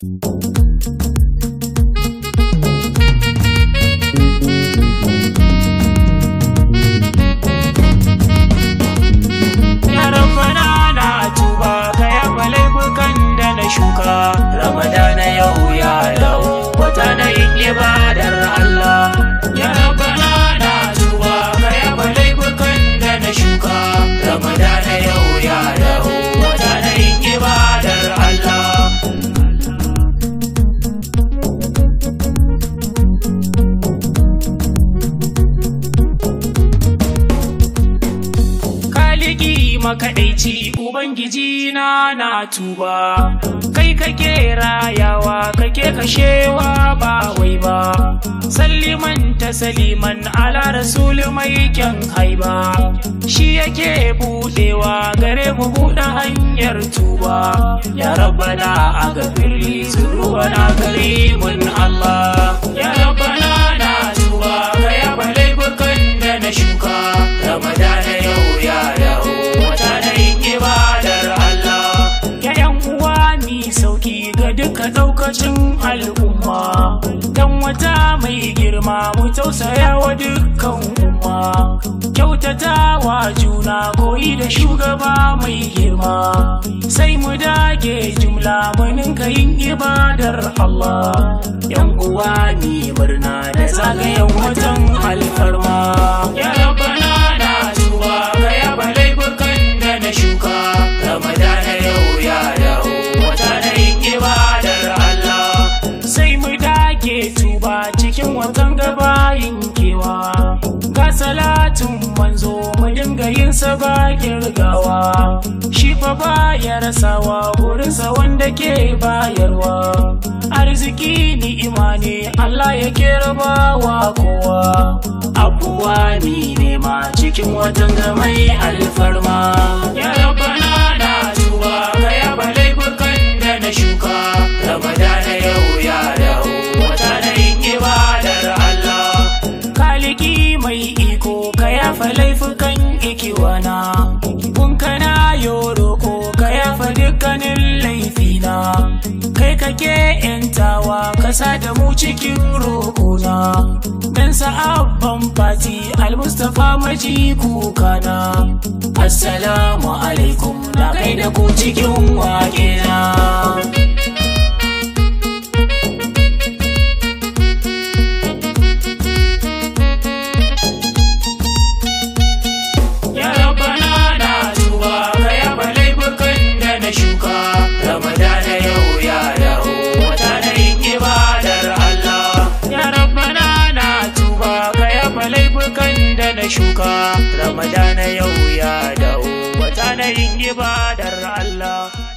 Thank you. makaɗaici ubangiji na na tuba kai ka kake rayawa kake kashewa ba wai ba salliman ta saliman ala rasul mai kyan haiba shi yake buɗewa, gare mu buɗe hanyar tuba ya aga a gafirli zuruwa na gari. ka daukacin al'umma dan wata mai girma mu tausaya wa dukkan umma kyautata wa juna koyi da shugaba mai girma sai mu dage jumla mu ninka yin ibadar Allah yan uwa ni murna da zagayen watan alfarma salatin manzo mu dinga yin sa ba kirgawa shi fa ba ya rasawa sa wanda ke bayarwa arziki ni imani Allah ya ba wa kowa abuwa ni nema cikin watan mai alfarma kan ikiwana kun kana yoro ko ka yafa dukkanin laifina kai kake yantawa kasa da mu cikin roƙona dan sa'abban fati almustafa maji kukana assalamu alaikum na kai da ku cikin waƙena shuka ramadana yau ya dawo wata na yin ibadar Allah